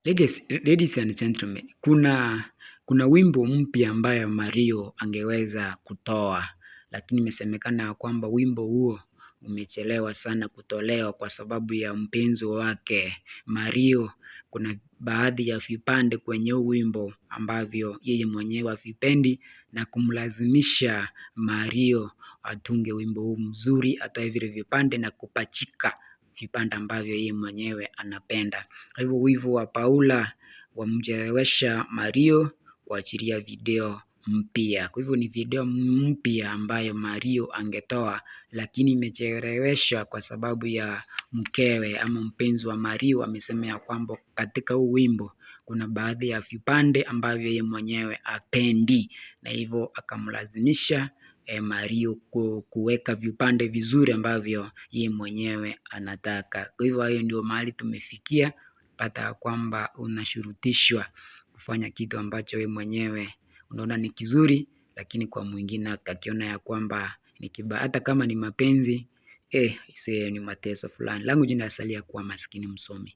Ladies, ladies and gentlemen, kuna kuna wimbo mpya ambayo Mario angeweza kutoa, lakini imesemekana ya kwamba wimbo huo umechelewa sana kutolewa kwa sababu ya mpenzi wake Mario. Kuna baadhi ya vipande kwenye wimbo ambavyo yeye mwenyewe havipendi na kumlazimisha Mario atunge wimbo huu mzuri atoe vile vipande na kupachika vibanda ambavyo yeye mwenyewe anapenda. Kwa hivyo wivu wa Paula wamchelewesha Mario kuachilia video mpya. Kwa hivyo ni video mpya ambayo Mario angetoa, lakini imecheleweshwa kwa sababu ya mkewe ama mpenzi wa Mario amesema ya kwamba katika huu wimbo kuna baadhi ya vipande ambavyo yeye mwenyewe apendi, na hivyo akamlazimisha Eh, Mario kuweka vipande vizuri ambavyo ye mwenyewe anataka. Kwa hivyo hayo ndio mahali tumefikia, pata ya kwamba unashurutishwa kufanya kitu ambacho we mwenyewe unaona ni kizuri, lakini kwa mwingine akakiona ya kwamba ni kibaya, hata kama ni mapenzi eh, ni mateso fulani. Langu jina asalia kuwa Maskini Msomi.